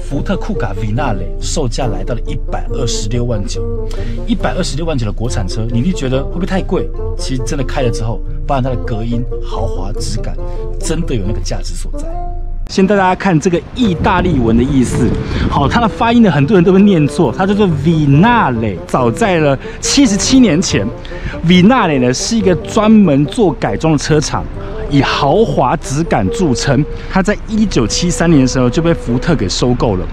福特酷卡维纳雷售价来到了一百二十六万九，一百二十六万九的国产车，你是觉得会不会太贵？其实真的开了之后，包含它的隔音、豪华质感，真的有那个价值所在。先带大家看这个意大利文的意思。好，它的发音呢，很多人都会念错。它叫做 v i n a l e 早在了七十七年前 v i n a l e 呢是一个专门做改装的车厂，以豪华质感著称。它在一九七三年的时候就被福特给收购了。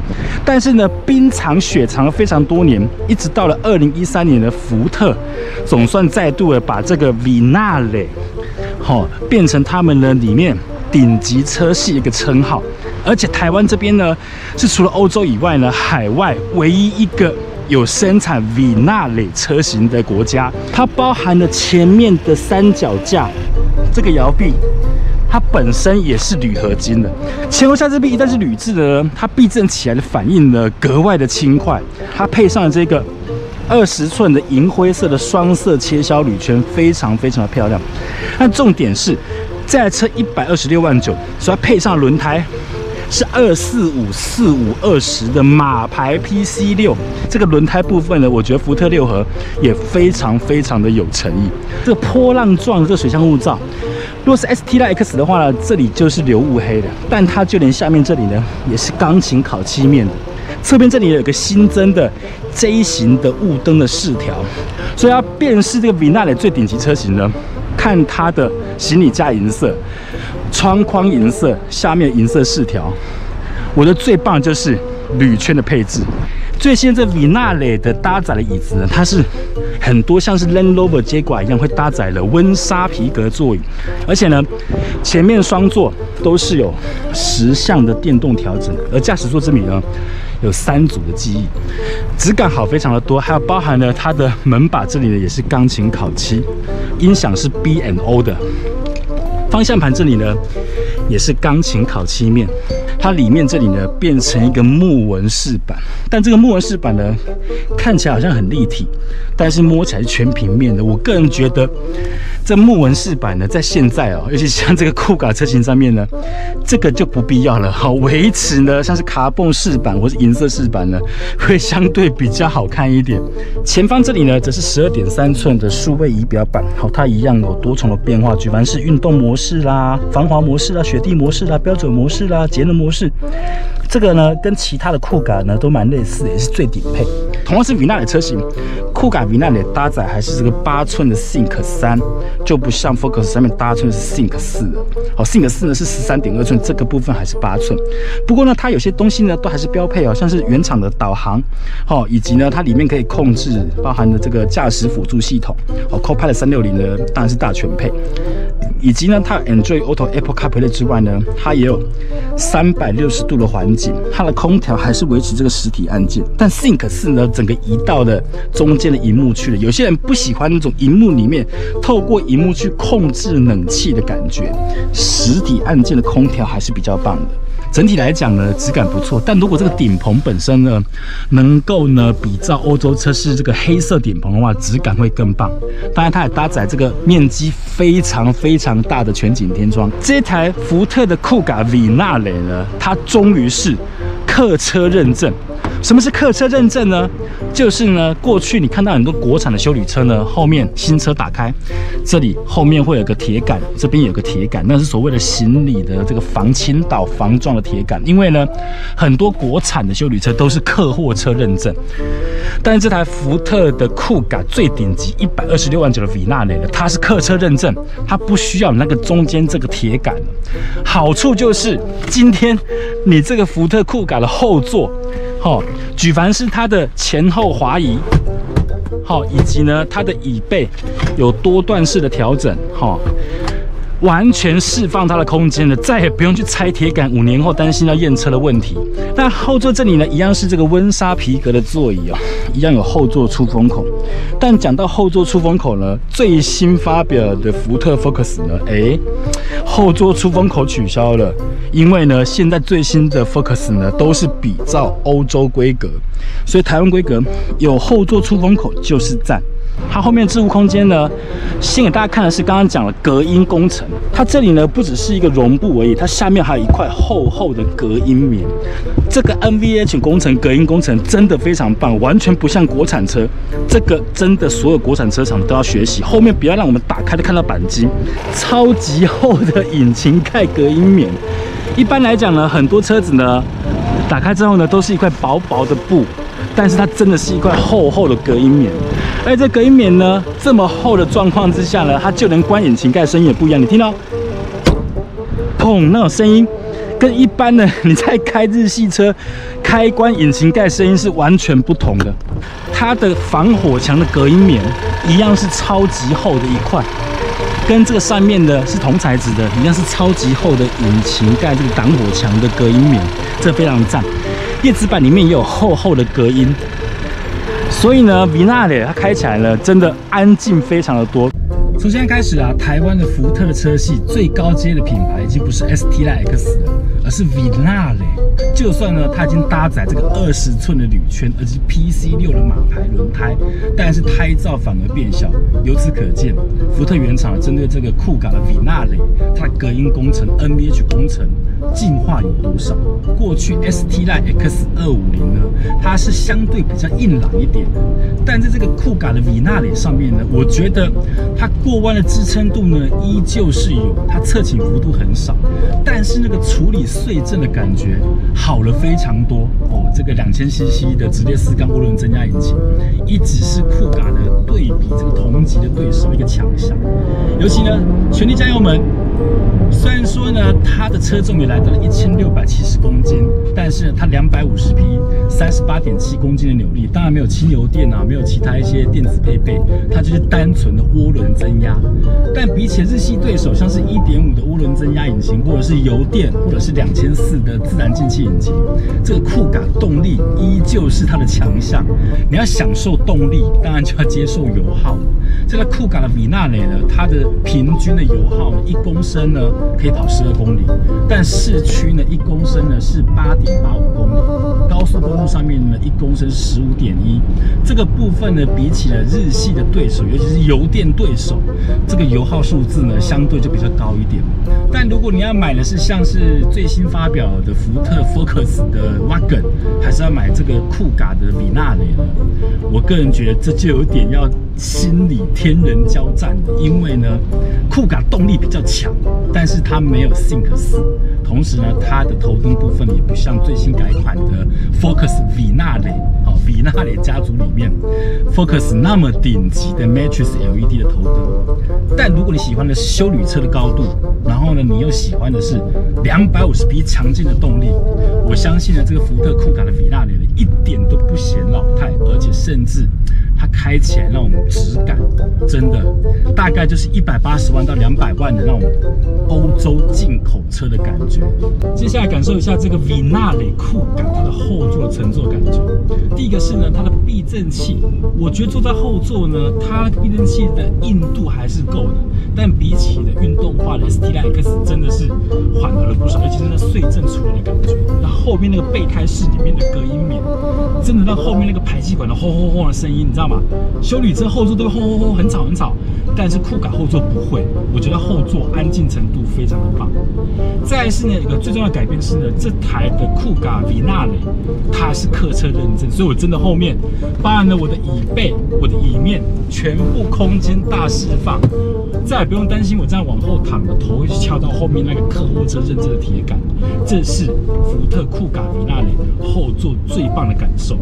但是呢，冰藏雪藏了非常多年，一直到了二零一三年的福特，总算再度的把这个 v i n a l e 好变成他们的里面。顶级车系一个称号，而且台湾这边呢，是除了欧洲以外呢，海外唯一一个有生产 V 纳雷车型的国家。它包含了前面的三脚架，这个摇臂，它本身也是铝合金的。前后下肢臂一旦是铝制的，它避震起来的反应呢格外的轻快。它配上了这个二十寸的银灰色的双色切削铝圈，非常非常的漂亮。但重点是。这台车一百二十六万九，所以它配上轮胎是二四五四五二十的马牌 PC 六。这个轮胎部分呢，我觉得福特六合也非常非常的有诚意。这个波浪状这个水箱雾罩，如果是 ST 拉 X 的话呢，这里就是流雾黑的，但它就连下面这里呢，也是钢琴烤漆面的。侧边这里有个新增的 J 型的雾灯的饰条，所以它便是这个 V 纳的最顶级车型呢。看它的行李架银色，窗框银色，下面银色饰条。我的最棒就是铝圈的配置。最先在维纳雷的搭载的椅子，它是很多像是 Land Rover 接管一样，会搭载了温莎皮革座椅，而且呢，前面双座都是有十项的电动调整，而驾驶座这里呢，有三组的记忆，质感好非常的多，还有包含了它的门把这里呢，也是钢琴烤漆，音响是 BMO 的，方向盘这里呢。也是钢琴烤漆面，它里面这里呢变成一个木纹饰板，但这个木纹饰板呢看起来好像很立体，但是摸起来全平面的。我个人觉得。这木纹饰板呢，在现在哦，尤其像这个酷卡车型上面呢，这个就不必要了。好，维持呢，像是卡蹦饰板或是银色饰板呢，会相对比较好看一点。前方这里呢，则是十二点三寸的数位仪表板，好，它一样有多重的变化，举凡是运动模式啦、防滑模式啦、雪地模式啦、标准模式啦、节能模式，这个呢，跟其他的酷感呢，都蛮类似，也是最顶配。同样是米纳里车型，酷感米纳里搭载还是这个八寸的 SYNC 三。就不像 Focus 上面搭的是 Think 四的，哦，Think 四呢是十三点二寸，这个部分还是八寸。不过呢，它有些东西呢都还是标配哦，像是原厂的导航，哦，以及呢它里面可以控制包含的这个驾驶辅助系统，哦，Copilot 三六零呢当然是大全配。以及呢，它 Android Auto、Apple CarPlay 之外呢，它也有三百六十度的环境，它的空调还是维持这个实体按键，但 Think 是呢，整个移到了中间的荧幕去了。有些人不喜欢那种荧幕里面透过荧幕去控制冷气的感觉，实体按键的空调还是比较棒的。整体来讲呢，质感不错，但如果这个顶棚本身呢，能够呢比照欧洲车是这个黑色顶棚的话，质感会更棒。当然，它也搭载这个面积非常非常大的全景天窗。这台福特的酷卡维纳雷呢，它终于是客车认证。什么是客车认证呢？就是呢，过去你看到很多国产的修理车呢，后面新车打开，这里后面会有个铁杆，这边有个铁杆，那是所谓的行李的这个防倾倒、防撞的铁杆。因为呢，很多国产的修理车都是客货车认证，但是这台福特的酷改最顶级一百二十六万九的维纳雷的，它是客车认证，它不需要你那个中间这个铁杆。好处就是今天你这个福特酷改的后座。好，举凡是它的前后滑移，好，以及呢它的椅背有多段式的调整，哈。完全释放它的空间了，再也不用去拆铁杆，五年后担心要验车的问题。那后座这里呢，一样是这个温莎皮革的座椅啊，一样有后座出风口。但讲到后座出风口呢，最新发表的福特 Focus 呢，哎，后座出风口取消了，因为呢，现在最新的 Focus 呢都是比照欧洲规格，所以台湾规格有后座出风口就是赞。它后面置物空间呢，先给大家看的是刚刚讲的隔音工程。它这里呢不只是一个绒布而已，它下面还有一块厚厚的隔音棉。这个 NVH 工程、隔音工程真的非常棒，完全不像国产车。这个真的所有国产车厂都要学习。后面不要让我们打开都看到钣金，超级厚的引擎盖隔音棉。一般来讲呢，很多车子呢打开之后呢都是一块薄薄的布，但是它真的是一块厚厚的隔音棉。在这隔音棉呢这么厚的状况之下呢，它就能关引擎盖声音也不一样，你听到，砰那种声音，跟一般的你在开日系车开关引擎盖声音是完全不同的。它的防火墙的隔音棉一样是超级厚的一块，跟这个上面的是同材质的，一样是超级厚的引擎盖这个挡火墙的隔音棉，这非常赞。叶子板里面也有厚厚的隔音。所以呢，维纳雷它开起来呢，真的安静非常的多。从现在开始啊，台湾的福特车系最高阶的品牌已经不是 ST i X 了，而是维纳雷。就算呢，它已经搭载这个二十寸的铝圈，而且 PC 六的马牌轮胎，但是胎噪反而变小。由此可见，福特原厂针对这个酷感的维纳雷，它的隔音工程、N V H 工程。进化有多少？过去 S T Line X 二五零呢？它是相对比较硬朗一点的，但在这个酷嘎的米纳雷上面呢，我觉得它过弯的支撑度呢依旧是有，它侧倾幅度很少，但是那个处理碎震的感觉好了非常多哦。这个两千 cc 的直列四缸涡轮增压引擎一直是酷嘎的对比这个同级的对手一个强项，尤其呢全力加油门，虽然说呢它的车重。来到了一千六百七十公斤，但是它两百五十匹、三十八点七公斤的扭力，当然没有汽油电啊，没有其他一些电子配备，它就是单纯的涡轮增压。但比起日系对手，像是1.5的涡轮增压引擎，或者是油电，或者是2.4的自然进气引擎，这个酷感动力依旧是它的强项。你要享受动力，当然就要接受油耗。这个酷感的米纳雷呢，它的平均的油耗一公升呢可以跑十二公里，但是。市区呢，一公升呢是八点八五公里；高速公路上面呢，一公升十五点一。这个部分呢，比起了日系的对手，尤其是油电对手，这个油耗数字呢，相对就比较高一点。但如果你要买的是像是最新发表的福特 Focus 的 Wagon，还是要买这个酷嘎的米纳雷呢？我个人觉得这就有点要心理天人交战，因为呢，酷嘎动力比较强，但是它没有 t h i n k 四。同时呢，它的头灯部分也不像最新改款的 Focus V 纳雷，好 V 纳雷家族里面 Focus 那么顶级的 Matrix LED 的头灯。但如果你喜欢的是修旅车的高度，然后呢，你又喜欢的是250十匹强劲的动力，我相信呢，这个福特酷卡的 V 纳雷呢，一点都不显老态，而且甚至。它开起来那种质感，真的大概就是一百八十万到两百万的那种欧洲进口车的感觉。接下来感受一下这个维纳里酷感它的后座乘坐感觉。第一个是呢，它的避震器，我觉得坐在后座呢，它避震器的硬度还是够的，但比。真的是缓和了不少，尤其是那碎震出来的感觉。那后面那个备胎室里面的隔音棉，真的让后面那个排气管的轰轰轰的声音，你知道吗？修理车后座都会轰轰轰，很吵很吵。但是酷卡后座不会，我觉得后座安静程度非常的棒。再是呢，一个最重要的改变是呢，这台的酷卡比纳雷它是客车认证，所以我真的后面，包含了我的椅背、我的椅面全部空间大释放，再也不用担心我这样往后躺，头会去翘到后面那个客车认证的铁杆。这是福特酷卡比纳雷后座最棒的感受。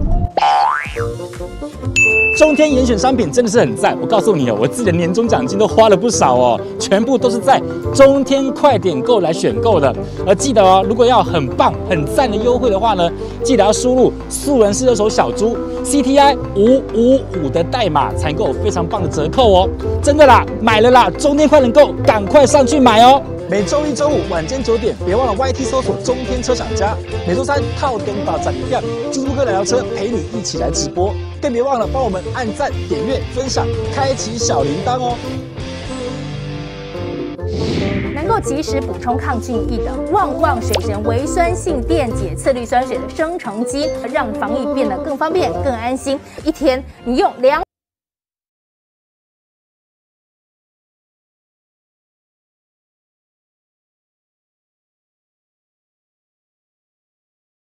中天严选商品真的是很赞，我告诉你哦，我自己的年终奖金都花了不少哦，全部都是在中天快点购来选购的。而记得哦，如果要很棒很赞的优惠的话呢，记得要输入素人是二手小猪 C T I 五五五的代码，才能够有非常棒的折扣哦。真的啦，买了啦，中天快点购，赶快上去买哦。每周一、周五晚间九点，别忘了 Y T 搜索中天车厂家。每周三套灯到展亮，猪猪哥聊聊车，陪你一起来直播。更别忘了帮我们按赞、点阅、分享、开启小铃铛哦！能够及时补充抗菌益的旺旺水神维酸性电解次氯酸水的生成机，让防疫变得更方便、更安心。一天你用两。